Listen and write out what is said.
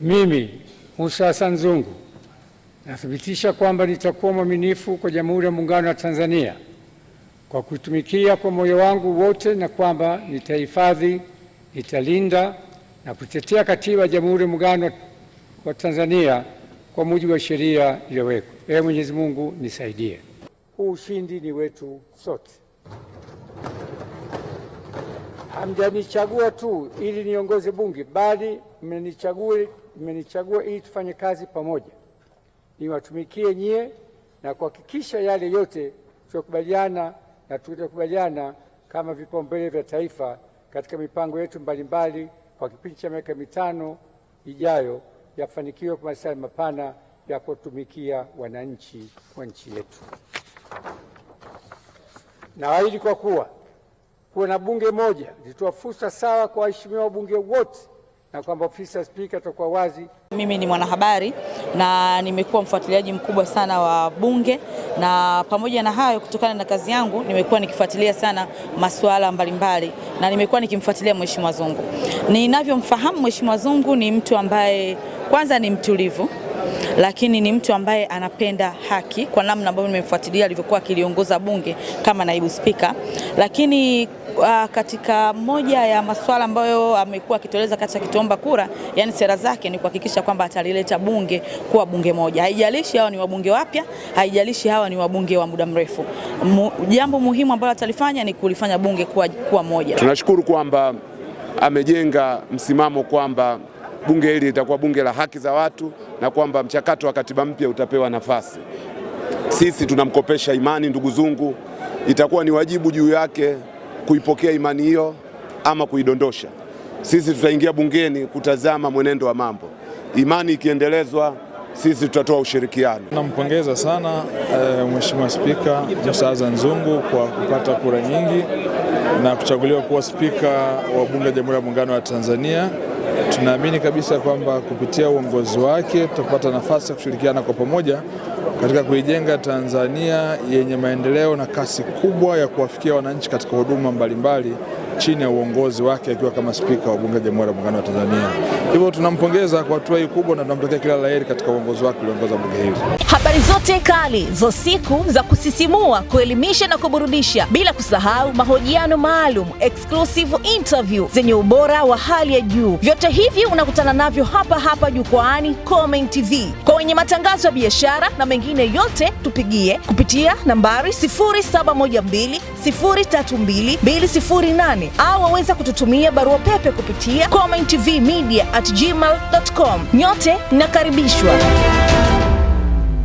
Mimi Musa Hassan Zungu nathibitisha kwamba nitakuwa mwaminifu kwa Jamhuri ya Muungano wa Tanzania kwa kutumikia kwa moyo wangu wote na kwamba nitahifadhi, nitalinda na kutetea Katiba ya Jamhuri ya Muungano wa Tanzania kwa mujibu wa sheria iliyowekwa. Ee Mwenyezi Mungu nisaidie. Huu ushindi ni wetu sote hamjanichagua tu ili niongoze Bunge, bali mmenichagua mmenichagua ili tufanye kazi pamoja, niwatumikie nyie na kuhakikisha yale yote tutakubaliana na tutakubaliana kama vipaumbele vya taifa katika mipango yetu mbalimbali mbali, kwa kipindi cha miaka mitano ijayo yafanikiwe kwa maslahi mapana ya kutumikia wananchi wa nchi yetu. Naahidi kwa kuwa kuwe na bunge moja litoa fursa sawa kwa waheshimiwa wabunge wote na kwamba ofisi ya spika itakuwa wazi. Mimi ni mwanahabari na nimekuwa mfuatiliaji mkubwa sana wa bunge, na pamoja na hayo, kutokana na kazi yangu nimekuwa nikifuatilia sana masuala mbalimbali na nimekuwa nikimfuatilia Mheshimiwa Zungu. Ninavyomfahamu Mheshimiwa Zungu ni mtu ambaye kwanza ni mtulivu lakini ni mtu ambaye anapenda haki kwa namna ambayo nimemfuatilia alivyokuwa akiliongoza bunge kama naibu spika, lakini Uh, katika moja ya masuala ambayo amekuwa akitoleza kati akitomba kura, yani sera zake ni kuhakikisha kwamba atalileta bunge kuwa bunge moja. Haijalishi hawa ni wabunge wapya, haijalishi hawa ni wabunge wa muda mrefu. jambo muhimu ambalo atalifanya ni kulifanya bunge kuwa, kuwa moja. Tunashukuru kwamba amejenga msimamo kwamba bunge hili litakuwa bunge la haki za watu na kwamba mchakato wa katiba mpya utapewa nafasi. Sisi tunamkopesha imani ndugu zungu, itakuwa ni wajibu juu yake kuipokea imani hiyo ama kuidondosha. Sisi tutaingia bungeni kutazama mwenendo wa mambo. Imani ikiendelezwa, sisi tutatoa ushirikiano. Nampongeza sana e, Mheshimiwa Spika Musa Azan Zungu kwa kupata kura nyingi na kuchaguliwa kuwa spika wa Bunge la Jamhuri ya Muungano wa Tanzania. Tunaamini kabisa kwamba kupitia uongozi wake tutapata nafasi ya kushirikiana kwa pamoja katika kuijenga Tanzania yenye maendeleo na kasi kubwa ya kuwafikia wananchi katika huduma mbalimbali chini ya uongozi wake akiwa kama spika wa Bunge la Jamhuri ya Muungano wa Tanzania. Hivyo tunampongeza kwa hatua hii kubwa na tunamtakia kila la heri katika uongozi wake uliongoza bunge hili. Habari zote kali za siku za kusisimua, kuelimisha na kuburudisha, bila kusahau mahojiano mahojiano maalum, exclusive interview zenye ubora wa hali ya juu. Vyote hivi unakutana navyo hapa hapa jukwaani Khomein TV. Kwa wenye matangazo ya biashara na mengine yote, tupigie kupitia nambari 0712032208 au waweza kututumia barua pepe kupitia khomeintvmedia@gmail.com. Nyote nakaribishwa.